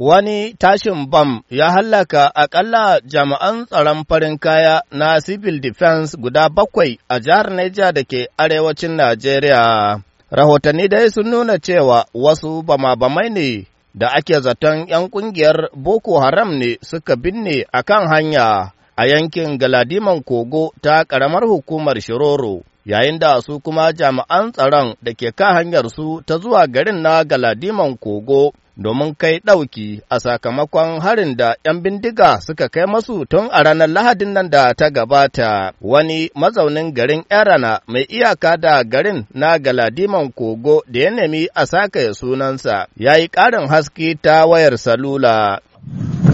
wani tashin bam ya hallaka akalla jami'an tsaron farin kaya na civil defense guda bakwai a jihar Niger da ke arewacin Najeriya. Rahotanni dai sun nuna cewa wasu bama-bamai ne da ake zaton 'yan kungiyar Boko Haram ne suka binne a kan hanya a yankin Galadiman Kogo ta ƙaramar hukumar Shiroro. yayin da su kuma jami'an tsaron da ke ka hanyar su ta zuwa garin na Galadiman Kogo domin kai ɗauki a sakamakon harin da ‘yan bindiga suka kai masu tun a ranar Lahadin nan da ta gabata wani mazaunin garin Erana mai iyaka da garin na Galadiman Kogo da ya nemi a sakaya sunansa ya yi ƙarin haske ta wayar salula.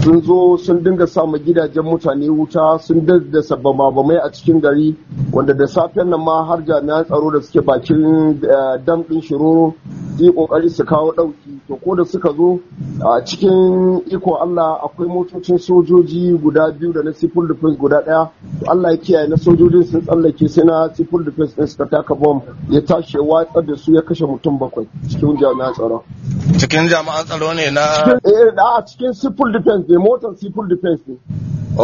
sun zo sun dinga samun gidajen mutane wuta sun da babamai a cikin gari wanda da safiyar nan ma har jami'an tsaro da suke bakin eh, damɗin ɗin zai kokari su kawo ɗauki to ko da suka zo a cikin iko Allah akwai motocin sojoji guda biyu da na civil defense guda ɗaya Allah ya kiyaye na sojojin sun tsallake sai na civil defense ɗin suka taka bom ya tashi ya watsar da su ya kashe mutum bakwai cikin jami'an tsaro Cikin jami'an tsaro ne na? Eh, a cikin civil defense ne, motar civil defense ne.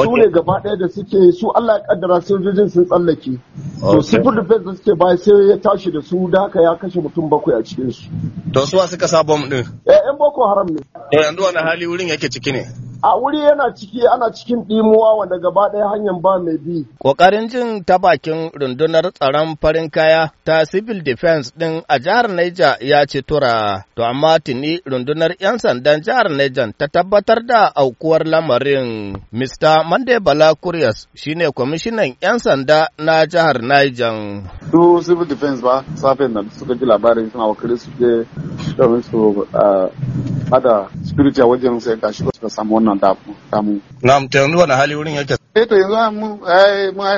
Su ne gaba ɗaya da suke su Allah ya kaddara sojojin sun tsallake. To civil defense da suke bai sai ya tashi da su da haka ya kashe mutum bakwai a cikin su. To suwa suka sa bom ɗin? Eh, 'yan Boko Haram ne. To yanzu wani hali wurin yake ciki ne? a wuri yana ciki ana cikin ɗimuwa wanda gaba ɗaya hanyar ba mai bi. Ƙoƙarin jin ta bakin rundunar tsaron farin kaya ta civil defense ɗin a jihar Niger ya ce tura, to amma tuni rundunar 'yan sandan jihar Niger ta tabbatar da aukuwar lamarin. Mr. Mande Bala Kuryas shine kwamishinan 'yan sanda na jihar Niger. Su civil defense ba, safen nan suka ji labarin suna wakilin su je domin su ah, hada spiritual wajen sai shi ba suka samu wannan damu na yanzu wani hali wurin yake eh to yanzu mun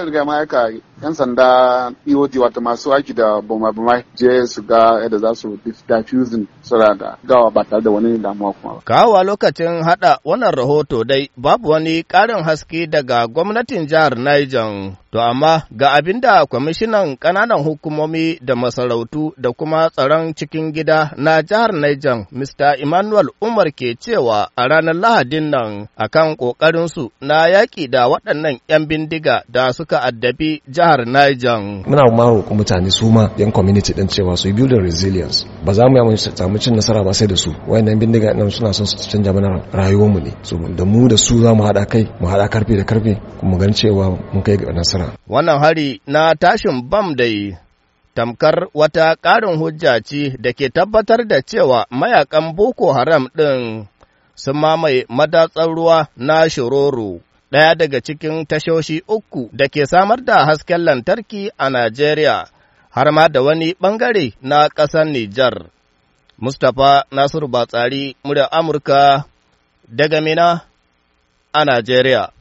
riga mai aka yan sanda EOD wato masu aiki da bomba bomba je su ga yadda eh, za su diffusion sura da gawa ba tare da wani damuwa kuma ba kawowa lokacin hada wannan rahoto dai babu wani karin haske daga gwamnatin jihar Niger to amma ga abinda da kwamishinan kananan hukumomi da masarautu da kuma tsaron cikin gida na jihar Niger Mr Emmanuel Umar ke cewa a ranar Lahadin nan akan kokarin ƙoƙarinsu na yaƙi da waɗannan 'yan bindiga da suka addabi jihar Niger. Muna ma roƙo mutane su ma 'yan community ɗin cewa su building resilience. Ba za mu yi samu cin nasara ba sai da su. Wayannan bindiga ɗin suna son su canja mana rayuwarmu ne. So da mu da su za mu haɗa kai, mu haɗa karfi da karfi mu gan cewa mun kai ga nasara. Wannan hari na tashin bam da yi tamkar wata ƙarin hujja ce da ke tabbatar da cewa mayakan Boko Haram ɗin sun mamaye madatsar ruwa na Shiroro, ɗaya daga cikin tashoshi uku da ke samar da hasken lantarki a Najeriya, har ma da wani ɓangare na ƙasar Nijar. Mustapha Nasiru Batsari, murya Amurka, daga Mina a Najeriya.